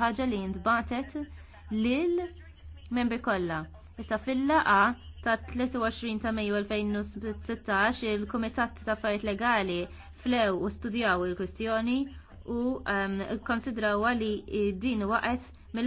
ħaġa li jintbatet lil membri kollha. Issa fil-laqa ta' 23 ta' Mejju 2016 il-Kumitat ta' Affarijiet Legali flew u studjaw il-kwistjoni u um, konsidraw li eh, din waqgħet